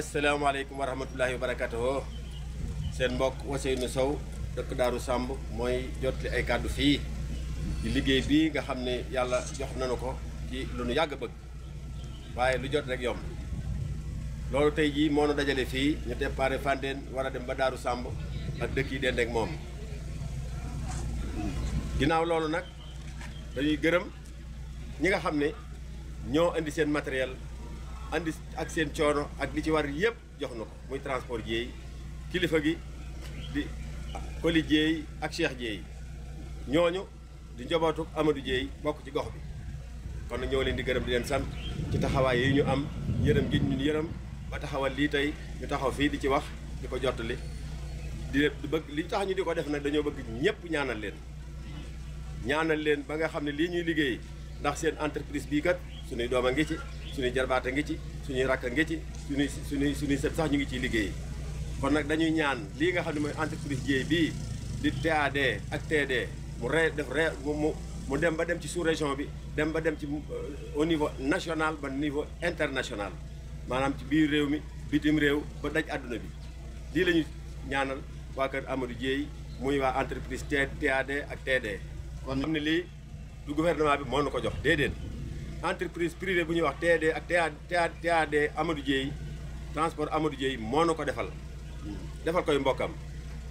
asalaamaaleykum wa rahmatullahi wa barakatuh seen mbokk Ousseynou Sow dëkk Daaru Sàmb mooy jot jotli ay kàddu fii di liggéey bii nga xam ne yàlla jox nanu ko ci lu nu yàgg bëgg waaye lu jot rek yomb loolu tey jii moo dajale fii ñu déparé Fandène war a dem ba Daaru Sàmb ak dëkk yi dend moom ginnaaw loolu nag dañuy gërëm ñi nga xam ne ñoo indi seen matériel andi ak seen coono ak li ci war yëpp jox na ko muy transport jéey kilifa gi di Koli jéey ak Cheikh jéey ñooñu di njabootu amadu jéey bokk ci gox bi kon na ñoo leen di gërëm di leen sant ci taxawaay yi ñu am yërëm gi ñun yërëm ba taxawal lii tey ñu taxaw fii di ci wax di ko jottali di bëgg li tax ñu di ko def nag dañoo bëgg ñëpp ñaanal leen ñaanal leen ba nga xam ne lii ñuy liggéey ndax seen entreprise bii kat suñuy doom a ngi ci suñuy jarbaata ngi ci suñuy rakk ngi ci suñuy suñuy suñuy sax ñu ngi ciy liggéey kon nag dañuy ñaan lii nga xam ne mooy entreprise jéey bii di TAD ak TD mu re def re mu mu dem ba dem ci sous région bi dem ba dem ci euh, au niveau national ba niveau international maanaam ci biir réew mi bitim réew ba daj àdduna bi lii lañu ñaanal waa kër Amadou Dieye muy waa entreprise TAD ak TD kon xam ne lii du gouvernement bi moo nu ko jox déedéet entreprise privée bu ñuy wax TAD ak TAD TAD Amadou Dieye transport Amadou Dieye moo na ko defal defal koy mbokkam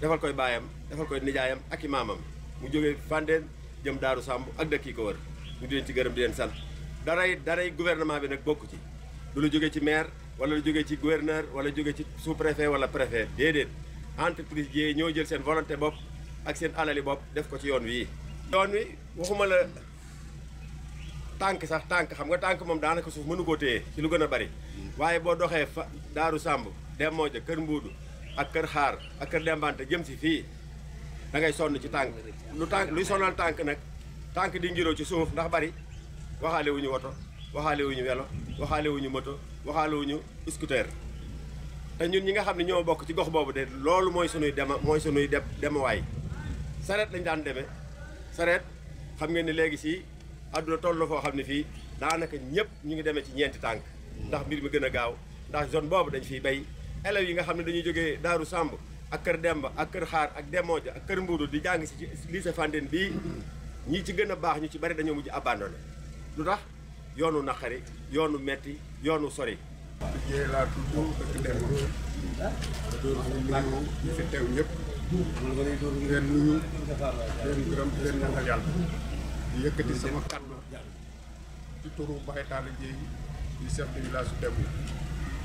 defal koy baayam defal koy nijaayam ak i maamam mu jóge Fandène jëm Daaru Samb ak dëkk yi ko wër ñu di leen ci gërëm di leen sant daray daray gouvernement bi nag bokk ci du lu jóge ci maire wala lu jóge ci gouverneur wala jóge ci sous préfet wala préfet déedéet entreprise yi ñoo jël seen volonté bopp ak seen alali bopp def ko ci yoon wi. tànk sax tànk xam nga tànk moom daanaka suuf mënu koo téye ci lu gën a bari waaye boo doxee fa daaru sàmb dem moo kër mbuudu ak kër xaar ak kër dembante jëm si fii da ngay sonn ci tànk lu tànk luy sonal tànk nag tànk di ngiroo ci suuf ndax bari waxaale woto waxaale welo waxaale wuñu moto waxaale wuñu te ñun ñi nga xam ne ñoo bokk ci gox boobu de loolu mooy sunuy dema mooy sunuy dem demawaay sareet lañ daan demee sareet xam ngeen léegi si àdduna toll foo xam ne fii daanaka ñëpp ñu ngi demee ci ñeenti tànk ndax mbir mi gën a gaaw ndax zone boobu dañ fiy bay élèves yi nga xam ne dañuy jógee Daaru Samb ak Kër demb ak Kër Xaar ak Demooja ak Kër Mbuudu di jàng si lycée Fandène bii ñi ci gën a baax ñu ci bari dañoo mujj abandonné lu tax yoonu naqari yoonu metti yoonu sori liggéey laa tudd dëkk Demba yëkkati sama kàddu ci turu Baye Talla Dieye di chef de village su Demba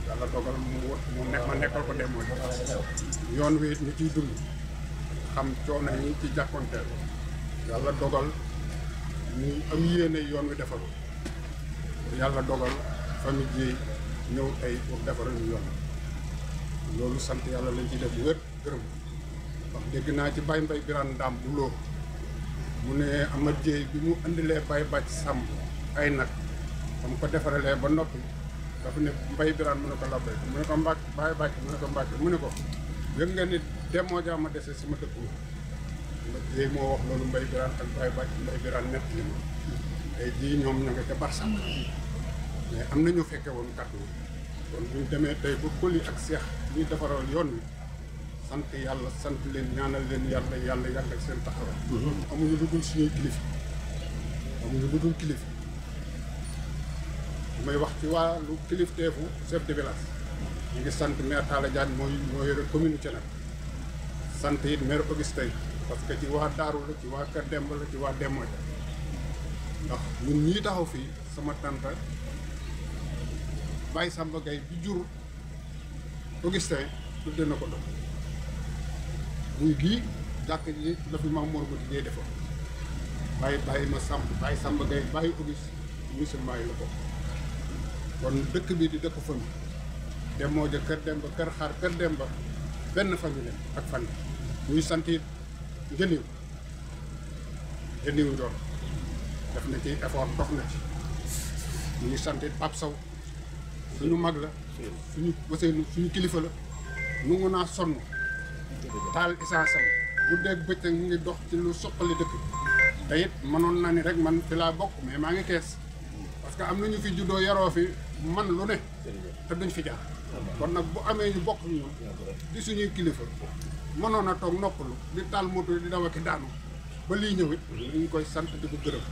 yàlla dogal mu mu nekk ma nekkal ko Demba yoon wi ñu ciy dund xam coono yi ci jàkkonteel yàlla dogal ñu am yéene yoon wi defaru yàlla dogal famille Dieye ñëw tey pour defaral ñu yoon loolu sant yàlla lañ ciy def wér gërëm wax dégg naa ci Baye Mbaye Birane Ndam bu loo mu ne Amath Dieye bi mu indilee Baye Bàcc sàmm ay nag ba mu ko defaralee ba noppi dafa ne mbay Birane mu ne ko labbay mu ne ko Mbàcc Baye Bàcc mu ne ko Mbàcc mu ne ko yëg nga ni demoo jaa ma dese sama dëkk Amath Dieye moo wax loolu Mbaye Birane ak Baye Bàcc Mbaye Birane nekk li ma tey jii ñoom ña nga ca barsàq mais am na ñu fekke woon kàddu kon bu ñu demee tey ba Koli ak Seex ñuy defaral yoon wi sant yàlla sant leen ñaanal leen yàlla yàlla yàlla seen taxawaay. Mhm. amuñu lu dul suñuy kilifa amuñu lu dul kilifa may wax ci waa lu kilifteefu chef de village ñu ngi sant maire Talla Diagne mooy moo yore commune Thiénaba sant it maire Augustin parce que ci waa Daaru la ci waa Kër Demba la ci waa Demba ndax ñun ñii taxaw fii sama tante Baye Samba Gaye bi jur Augustin tudde na ko dox muy gii jàkk ji la fi maam Mor Mati Gueye defoon bàyyi bàyyi ma sàmb bàyyi sàmb gay bàyyi Auguste musulman la ko kon dëkk bi di dëkk famille demoo ja kër dem ba kër xaar kër dem ba benn famille ak fan ñuy sant it njëniw njëniw def na ci effort dox na ci ñuy sant it Pape Sow suñu mag la suñu wasee suñu kilifa la nu ngu naa sonn taal essence am guddeeg bëccëg mu ngi dox ci lu suqali dëkk te it mënoon na ni rek man fi laa bokk mais maa ngi kees parce que am na ñu fi juddoo yaroo fi man lu ne te duñ fi jaar kon nag bu amee ñu bokk ñu di suñuy kilifa mënoon a toog noppalu di taal moto di daw ak daanu ba lii ñëwit ñu ngi koy sant di ko gërëm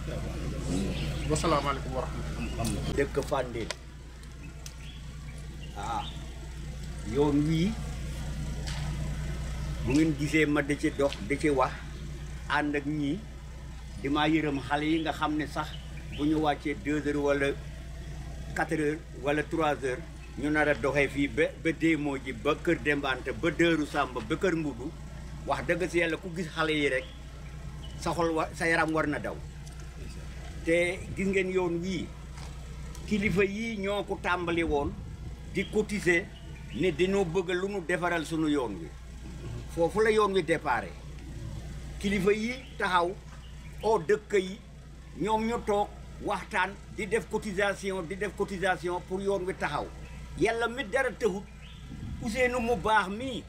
wasalaamaaleykum wa rahmatulah dëkk Fandène ah yoon wii bu ngeen gisee ma di ci dox di ci wax ànd ak ñii dima yërëm xale yi nga xam ne sax bu ñu wàccee deux heures wala quatre wala trois heures ñu nar a doxee fii ba ba déemoo ji ba kër dembante ba dëru sàmba ba kër mbubu wax dëgg si yàlla ku gis xale yi rek sa xol sa yaram war na daw te gis ngeen yoon wii kilifa yii ñoo ko tàmbali woon di cotiser ne dañoo bëgg lu nu defaral sunu yoon wi foofu la yoon wi déparé kilifa yi taxaw oo dëkk yi ñoom ñu toog waxtaan di def cotisation di def cotisation pour yoon wi taxaw yàlla mit dara tëxut Ousseynou mu baax mii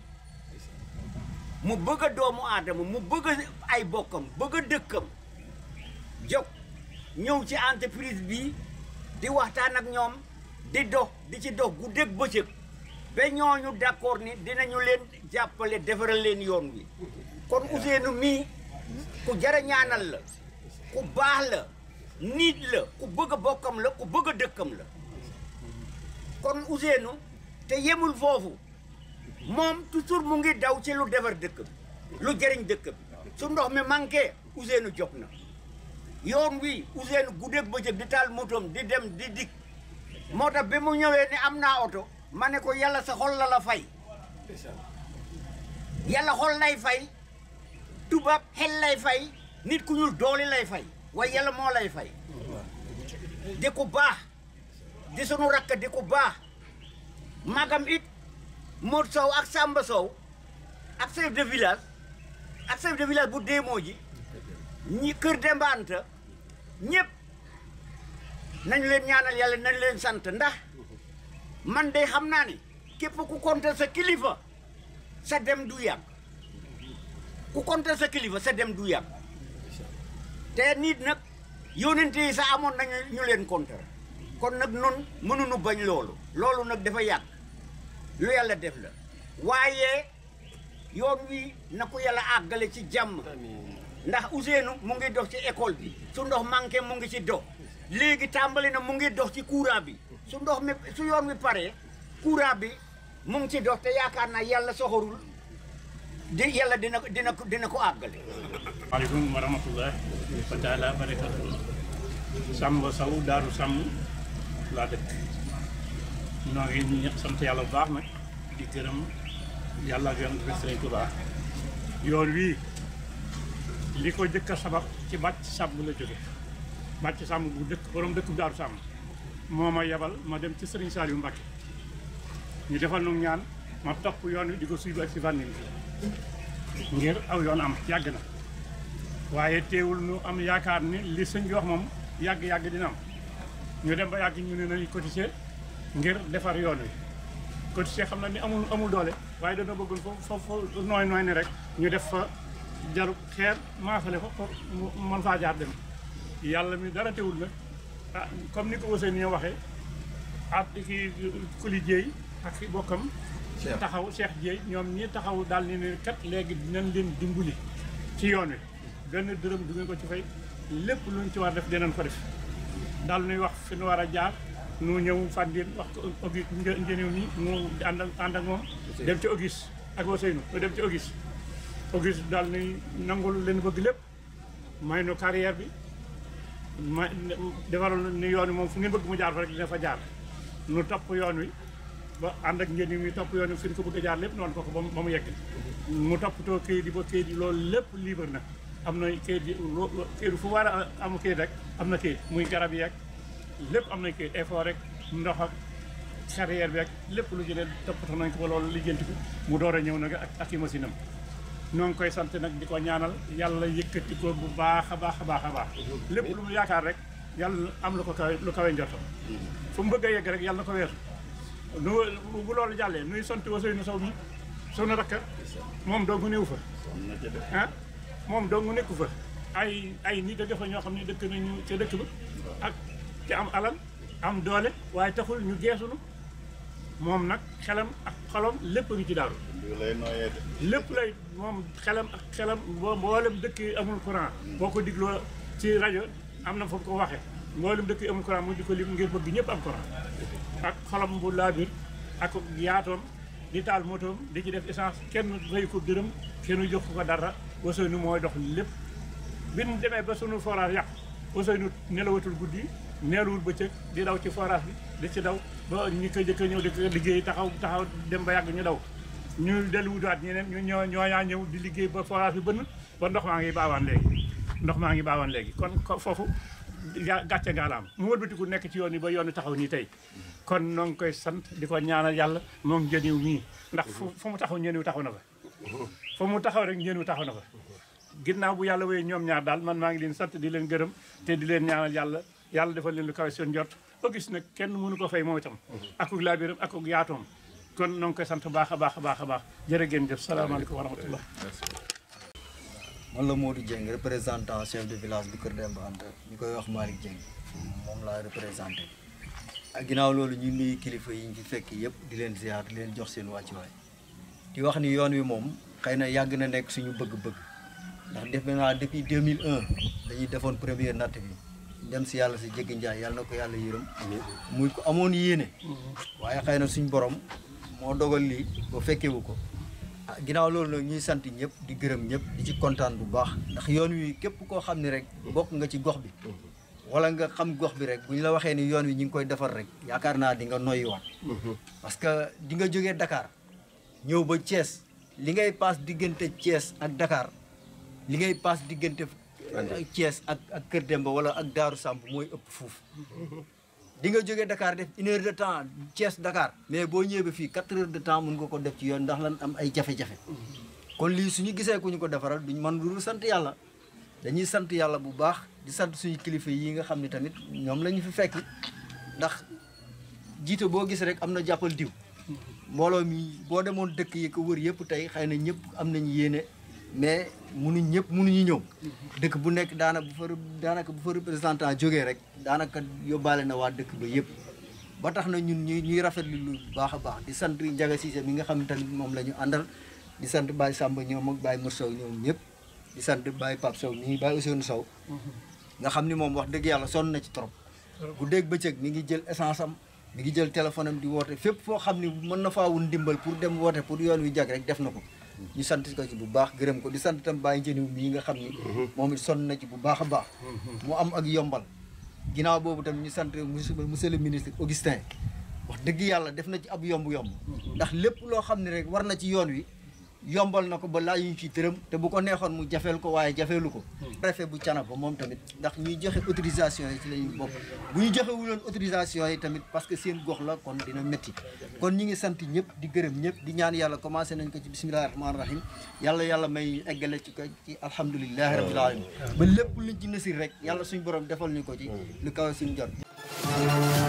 mu bëgg a doomu aadama mu bëgg ay bokkam bëgg a dëkkam jóg ñëw ci entreprise bi di waxtaan ak ñoom di dox di ci dox guddeeg bëccëg ba ñooñu d'accord ni dinañu leen jàppale defaral leen yoon wi kon Ousseynou mii ku jara la ku baax la nit la ku bëgg bokkam la ku dëkkam la kon Ousseynou te yemul foofu moom toujours mu ngi daw ci lu defar dëkk bi lu jëriñ dëkk bi ndox mi manqué Ousseynou jóg na yoon wi Ousseynou guddeeg bëccëg di taal motoom di dem di dikk moo tax bi mu ñëwee ne am naa oto ma ne ko yàlla sa xol la la fay yàlla xol lay fay tubaab xel lay fay nit ku ñu doole lay fay waaye yàlla moo lay fay di ko baax di sunu rakk di ko baax magam it Modou Sow ak Samba Sow ak chef de village ak chef de village bu déemoo ji ñii kër Demba Anta ñëpp nañu leen ñaanal yàlla nañu leen sant ndax man de xam naa ne képp ku compter sa kilifa sa dem du yàgg ku compter sa kilifa sa dem du yàgg te nit nag yónente yi sax amoon nañu ñu leen compter kon nag nun mënuñu bañ loolu loolu nag dafa yàgg lu yàlla def la waaye yoon wi na ko yàlla àggale ci jàmm ndax Ousseynou mu ngi dox ci école bi su ndox manqué mu ngi ci dox léegi tàmbali na mu ngi dox ci courant bi su ndox mi su yoon wi paree courant bi mu ngi ci dox te yaakaar naa yàlla soxorul di yàlla dina dina ko dina ko àggale. maaleykum wa rahmatullah wa taala barakatu Samba Sow Daaru Sàmm laa dëkk noo ngi sant yàlla bu baax nag di gërëm yàlla ak yoon bi Sëriñ Tuubaa yoon wii li ko jëkk a sabab ci bàcc sàmm la jóge bàcc sàmm bu dëkk borom dëkk Daaru Sàmm moo ma yebal ma dem ci Serigne yu Mbacke ñu defal nu ñaan ma topp yoon wi di ko suivre ak si fànn bi ngir aw yoon am yàgg na waaye teewul nu am yaakaar ni li sëñ bi wax moom yàgg-yàgg dina am ñu dem ba yàgg ñu ne nañu cotiser ngir defar yoon wi cotiser xam na ni amul amul doole waaye dana bëggul foofu foofu nooy nooy ni rek ñu def fa jarub xeer maasale ko pour mën faa jaar dem yàlla mi dara teewul na ah comme ni ko wasee ni waxee at ki kuli jéey ak ki bokkam taxaw Cheikh Jéey ñoom ñi taxaw daal ni ne kat léegi dinañ leen dimbali ci yoon wi benn dërëm du ngeen ko ci fay lépp luñ ci war def dinañ ko def daal nuy wax fi nu war a jaar nu ñëw fàndin wax ko Auguste njëniw mi mu ànd ak ànd ak moom dem ci Auguste ak Ousseynou nu dem ci Auguste Auguste daal nuy nangul leen bëgg lépp may nu carrière bi ma defaroon ni yoon wi moom fu ngeen bëgg mu jaar fa rek dina fa jaar nu topp yoon wi ba ànd ak ngeen yi muy topp yoon wi fi ñu ko a jaar lépp noonu ko ko ba mu yegg mu toppatoo kayit yi ba kayit yi loolu lépp libre na am na kayit yi kayit fu war a am kayit rek am na kayit muy garab yeeg lépp am na kayit effort rek ndox ak charrière bi ak lépp lu jëlee toppatoo nañ ko ba loolu lijjanti ko mu door a ñëw nag ak ak i machine am ñoo ngi koy sant nag di ko ñaanal yàlla yëkkati ko bu baax a baax a baax a baax lépp lu mu yaakaar rek yàlla am lu ko kawe lu kawe njotto fu mu bëgg a yegg rek yàlla na ko weesu nu bu loolu jàllee nuy sant Ousseynou Sow mi sunu rakk moom dong néew fa ah moom dong nekku fa ay ay nit a defa ñoo xam ne dëkk nañu ci dëkk ba ak ci am alal am doole waaye taxul ñu geesunu moom nag xelam ak xolom lépp a ci daaru lépp lay moom xelam ak xelam mboolem dëkk amul courant hmm. boo ko digloo ci rajo am na foofu ko waxe mboole dëkk yi amul courant mu di ko lim ngir bëgg ñëpp am courant ak xolom bu laabir ak yaatoom di taal motoom di ci def essence kenn fayu ko dërëm kenn jox ko dara Ousseynou mooy dox lépp bi ñu demee ba sunu forage yàq Ousseynou nelawatul guddi neeluwul bëccëg di daw ci forage bi di ci daw ba ñi ko jëkk ñëw di liggéey taxaw taxaw dem ba yàgg ñu daw ñu dellu wutaat ñeneen ñu ñoo ñooñaa ñëw di liggéey ba forage bi bënn ba ndox maa ngi baawaan léegi ndox maa ngi baawaan léegi kon foofu gàcce ngaalaam mu wëlbatiku nekk ci yoon yi ba yoon wi taxaw nii tey kon noo ngi koy sant di ko ñaanal yàlla moom njëniw mii ndax fu mu taxaw njëniw taxaw na fa fu mu taxaw rek njëniw taxaw na fa ginnaaw bu yàlla wooyee ñoom ñaar daal man maa ngi leen sant di leen gërëm te di leen ñaanal yàlla yàlla defal leen lu kawe seen njort ko gis nag kenn mënu ko fay moom itam akuk laabiram akuk yaatoom kon ñoo koy sant baax a baax a baax a baax jërë ngeen jëf salaamaaleykum wa rahmatullah man la Modou Dieng représentant chef de village bu Kër Demba ñu koy wax Malick Dieng moom laa représenté ak ginnaaw loolu ñu nuyu kilifa yi ñu fi fekk yëpp di leen ziar leen jox seen wàcc wàccuwaay di wax ni yoon wi moom xëy na yàgg na nekk suñu bëgg-bëgg ndax def naa depuis 2001 dañuy defoon première natt bi dem si yàlla si jéggi njaay yàlla na ko yàlla yërëm muy ko amoon yéene waaye xëy na suñ borom moo dogal lii ba fekkewu ko ah ginnaaw loolu nag ñuy sant ñëpp di gërëm ñëpp di ci kontaan bu baax ndax yoon wi képp koo xam ne rek bokk nga ci gox bi wala nga xam gox bi rek bu ñu la waxee ni yoon wi ñu ngi koy defar rek yaakaar naa di nga noyyiwaat mhm. parce que di nga jógee dakaar ñëw ba Thiès li ngay paas diggante Thiès ak dakaar li ngay paas diggante cees ak ak Kër Demba wala ak Daaru Samb mooy ëpp fuuf di nga jógee Dakar def une heure de temps Thiès Dakar mais boo ñëwee fii quatre heures de temps mun nga ko def ci yoon ndax lan am ay jafe-jafe kon lii su ñu gisee ku ñu ko defaral duñ man lu sant yàlla dañuy sant yàlla bu baax di sant suñu kilifa yi nga xam ne tamit ñoom la ñu fi fekk ndax jiite boo gis rek am na jàppal diw mbooloo mi boo demoon dëkk yi ko wër yëpp tey xëy na ñëpp am nañu yéene mais munuñ ñëpp munuñu ñëw dëkk bu nekk daanaka bu fa daanaka bu fa représentant jógee rek daanaka yóbbaale na waa dëkk ba yëpp ba tax na ñun ñuy ñuy rafetlu lu baax a baax di sant Ndiaga Cissé mi nga xam tamit moom la ñu àndal di sant Baye Samba ñoom ak Baye Mor Sow ñoom ñëpp di sant Baye Pape Sow mi Baye Ousseynou Sow nga xam ni moom wax dëgg yàlla sonn na ci trop bu dégg bëccëg mi ngi jël essence am mi ngi jël téléphone am di woote fépp foo xam ni mën na faawun dimbal pour dem woote pour yoon wi jag rek def na ko ñu sant ko ci bu baax gërëm ko di sant tam itam yi njëriñ mii nga xam ni. Mhm. moom it sonn na ci bu baax a baax. Mhm. mu am ak yombal. ginnaaw boobu tam ñu sant monsieur le ministre Augustin wax dëgg yàlla def na ci ab yomb-yomb. Mhm. ndax lépp loo xam ne rek war na ci yoon wi. yombal na ko ba laaj ñu ci dërëm te bu ko neexoon mu jafeel ko waaye jafeelu ko hmm. préfet bu ba moom tamit ndax ñuy joxe autorisation yi ci la ñu bu ñu joxewuloon autorisation yi tamit parce que seen gox la kon dina métti kon ñu ngi sant ñëpp di gërëm ñëpp di ñaan yàlla commencé nañ ko ci bisimillahi rahmaani rahim yàlla yàlla may eggale ci ko ci alhamdulilahi rabil ba lépp luñ ci nasir rek yàlla suñ borom defal ñu ko ci lu kaw suñ jot